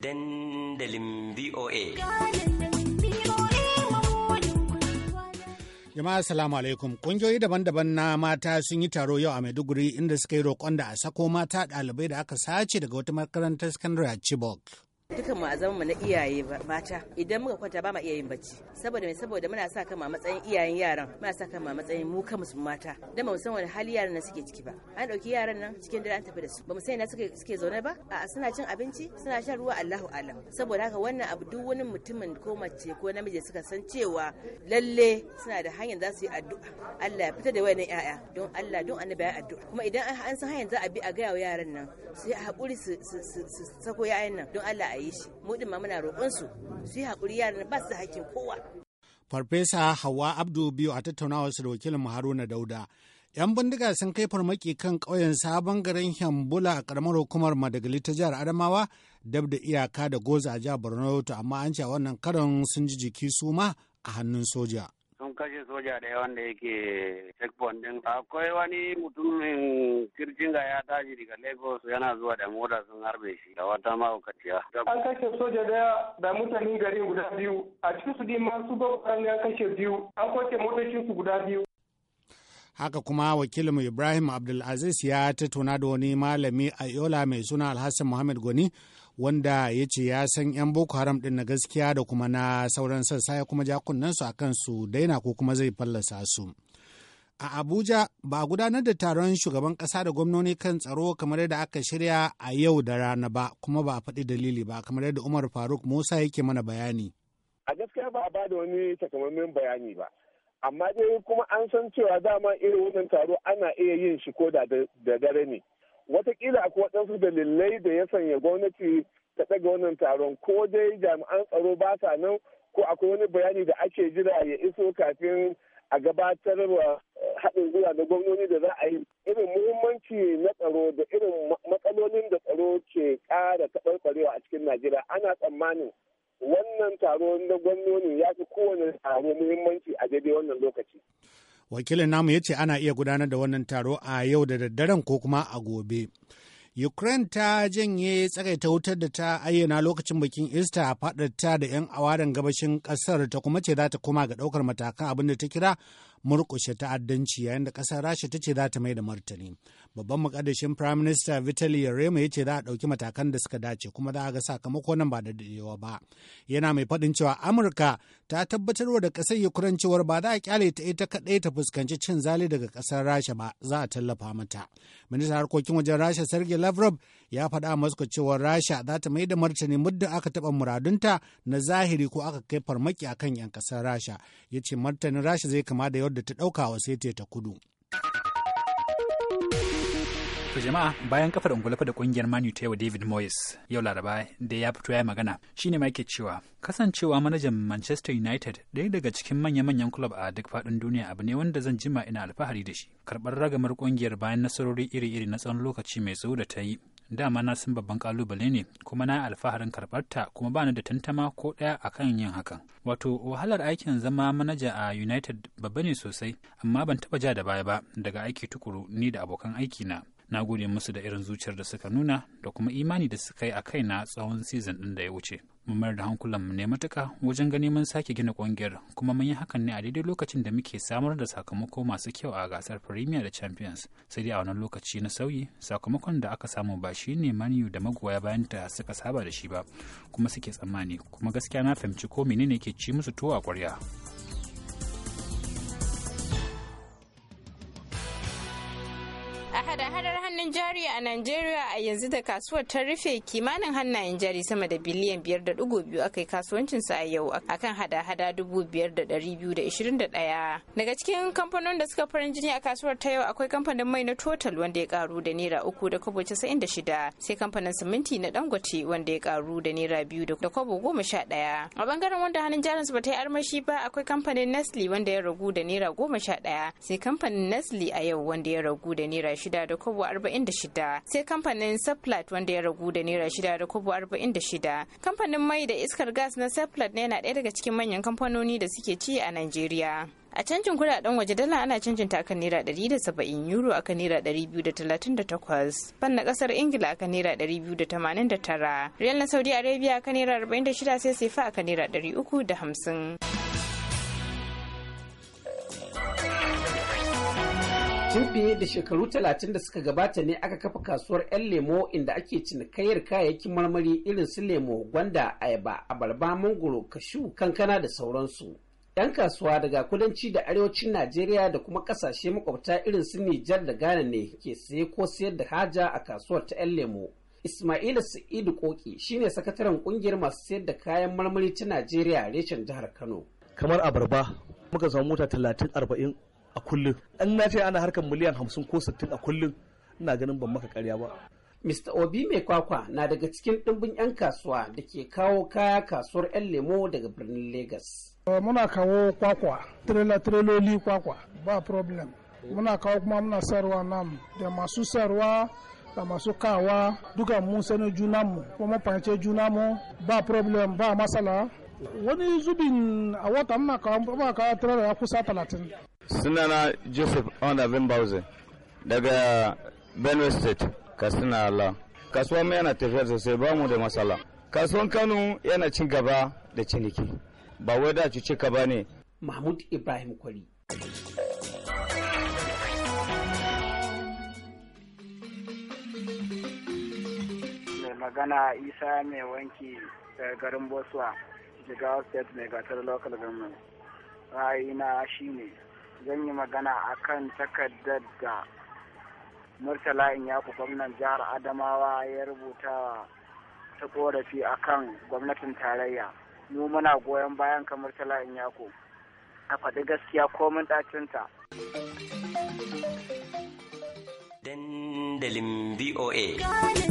dandalin VOA. Jama'a salamu alaikum. Kungiyoyi daban-daban na mata sun yi taro yau a Maiduguri inda suka yi roƙon da a sako mata ɗalibai da aka sace daga wata makarantar sakandare a Chibok. dukan mu a zaman mu na iyaye mata idan muka kwanta ba ma iya yin bacci saboda me saboda muna sa a matsayin iyayen yaran muna sa a matsayin mu kanmu su mata dan ba mu san wani hali yaran nan suke ciki ba an dauki yaran nan cikin dare an tafi da su ba mu san ina suke suke zaune ba a suna cin abinci suna shan ruwa Allahu alam saboda haka wannan abu duk wani mutumin ko mace ko namiji suka san cewa lalle suna da hanyar za su yi addu'a Allah ya fita da wayannan yaya don Allah don annabi ya addu'a kuma idan an san hanyar za a bi a ga yaran nan sai a hakuri su sako yayan nan don Allah a yi shi mu din ma muna roƙon su su yi haƙuri yaran ba su hakkin kowa farfesa hawa abdu biyu a tattaunawar su da wakilin haruna dauda yan bindiga sun kai farmaki kan ƙauyen sabon garin hambula a ƙaramar hukumar madagali ta jihar adamawa dab da iyaka da goza a jihar borno amma an ce wannan karon sun ji jiki su ma a hannun soja kashe soja da wanda yake checkpoint din akwai wani mutumin kirjinga ya tashi daga lagos yana zuwa da mota sun harbe shi da wata mahaukaciya an kashe soja daya da mutane gari guda biyu a cikin su ma su bakwai an kashe biyu an kwace motocin su guda biyu haka kuma wakilinmu ibrahim abdulaziz ya tattauna da wani malami a yola mai suna alhassan muhammad goni wanda ya ce ya san 'yan boko haram din na gaskiya da kuma na sauran sassa ya kuma ja su a kansu daina ko kuma zai fallasa su a abuja ba a gudanar da taron shugaban kasa da gwamnoni kan tsaro kamar yadda aka shirya a yau da rana ba kuma ba a faɗi dalili ba kamar yadda umar faruk musa yake mana bayani a gaskiya ba a ba da wani takamaimin bayani ba amma dai kuma an san cewa dama irin wannan taro ana iya yin shi ko da dare ne watakila akwai waɗansu dalilai da ya sanya gwamnati ta ɗaga wannan taron ko dai jami'an tsaro ba sa nan ko akwai wani bayani da ake jira ya iso kafin a gabatar wa eh, haɗin gwiwa da gwamnoni da za a yi irin muhimmanci na tsaro da irin matsalolin da tsaro ke ƙara taɓarɓarewa a cikin najeriya ana tsammanin wannan taro na gwamnoni ya fi kowane taro muhimmanci a daidai wannan lokaci wakilin namu ya ce ana iya gudanar da wannan taro a yau da daddaren ko kuma a gobe ukraine ta janye tsagaita wutar da ta ayyana lokacin bikin ista a fadarta da 'yan awadan gabashin kasar ta kuma ce za ta koma ga daukar matakan abin da ta kira murƙushe ta'addanci yayin da ƙasar rasha ta ce za ta mai da martani babban mukaddashin prime minister vitali yarema ya ce za a ɗauki matakan da suka dace kuma za a ga sakamako nan ba da daɗewa ba yana mai faɗin cewa amurka ta tabbatarwa da ƙasar ukraine cewar ba za a kyale ta ita kaɗai ta fuskanci cin zali daga ƙasar rasha ba za a tallafa mata ministan harkokin wajen rasha sergei lavrov ya faɗa moscow cewa rasha za ta mai da martani muddin aka taɓa muradunta na zahiri ko aka kai farmaki akan 'yan ƙasar rasha ya ce martanin rasha zai kama da wadda da ta ɗauka wa sete ta kudu. To jama'a bayan kafa ungulafa da kungiyar Man ta yau David Moyes yau Laraba da ya fito ya magana shine ma yake cewa kasancewa manajan Manchester United ɗaya daga cikin manya-manyan kulob a duk faɗin duniya abu ne wanda zan jima ina alfahari da shi. Karɓar ragamar kungiyar bayan nasarori iri-iri na tsawon lokaci mai tsawo da ta yi dama na san babban kalubale ne kuma na alfaharin karɓarta kuma bani da tantama ko daya akan yin hakan wato wahalar aikin zama manaja a united babba ne sosai amma ban taba ja da baya ba daga aiki tukuru ni da abokan aiki na na gode musu da irin zuciyar da suka nuna da kuma imani da suka yi a kaina tsawon season din da ya wuce mu mayar da mu ne matuka wajen ganin mun sake gina ƙungiyar kuma mun yi hakan ne a daidai lokacin da muke samar da sakamako masu kyau a gasar Premier da Champions sai dai a wannan lokaci na sauyi sakamakon da aka samu ba shi ne Manu da magoya bayanta suka saba da shi ba kuma suke tsammani kuma gaskiya na fahimci ko menene ke ci musu tuwo a ƙwarya. hannun jari a Najeriya a yanzu da kasuwar ta rufe kimanin hannayen jari sama da biliyan 5.2 aka yi kasuwancin sa a yau akan hada-hada 5,221. Daga cikin kamfanonin da suka farin jini a kasuwar ta yau akwai kamfanin mai na Total wanda ya karu da naira uku da kobo sai kamfanin siminti na Dangote wanda ya karu da naira biyu da kobo goma A bangaren wanda hannun jarin su bata yi armashi ba akwai kamfanin Nestle wanda ya ragu da naira goma sha daya sai kamfanin Nestle a yau wanda ya ragu da naira shida da kobo 46 sai kamfanin Seplat wanda ya ragu da naira 6 da kobo 46. Kamfanin mai da iskar gas na Seplat na yana ɗaya daga cikin manyan kamfanoni da suke ci a Najeriya. a canjin kudaden waje dala ana canjin ta akan naira 170 euro akan naira 238 fan na kasar ingila akan naira 289 riyal na saudi arabia akan naira 46 sai sefa akan naira 350 Tun fiye da shekaru talatin da suka gabata ne aka kafa kasuwar 'yan lemo inda ake cinikayyar kayayyakin marmari irin su lemo, gwanda, ayaba, abarba, mangoro, kashu, kankana da sauransu. 'Yan kasuwa daga kudanci da arewacin Najeriya da kuma kasashe makwabta irin su Nijar da Ghana ne ke saye ko sayar da haja a kasuwar ta 'yan lemo. Ismaila Sa'idu Koki shine sakataren kungiyar masu sayar da kayan marmari ta Najeriya reshen jihar Kano. Kamar abarba muka samu mota talatin arba'in a kullum an na ce ana harkar miliyan hamsin ko sittin a kullum ina ganin ban maka karya ba Mr. Obi mai kwakwa na daga cikin ɗimbin 'yan kasuwa da ke kawo kaya kasuwar 'yan lemo daga birnin Legas. Eh, muna kawo kwakwa, tireloli kwakwa ba problem. Muna kawo kuma muna sarwa nam da masu sarwa da masu kawa duka mun sani juna mu kuma fahimce juna mu ba problem ba masala. wani zubin a wata muna kawo ba kawo kusa talatin sunana joseph onda bimbauze daga benue state katsina ala kasuwa mai yana tafiyar sosai ba mu da matsala kasuwan kano yana cin gaba da ciniki ba wai da cuce ka ba ne mahmud ibrahim kwari mai magana isa mai wanki daga garin boswa jigawa state mai gatar local government ra'ayina shine zan yi magana akan takardar da murtala inyaku gwamnan jihar adamawa ya rubuta ta korafi kan gwamnatin tarayya mu muna goyon bayan ka murtala inyaku a faɗi gaskiya komin ɗacinta dandalin voa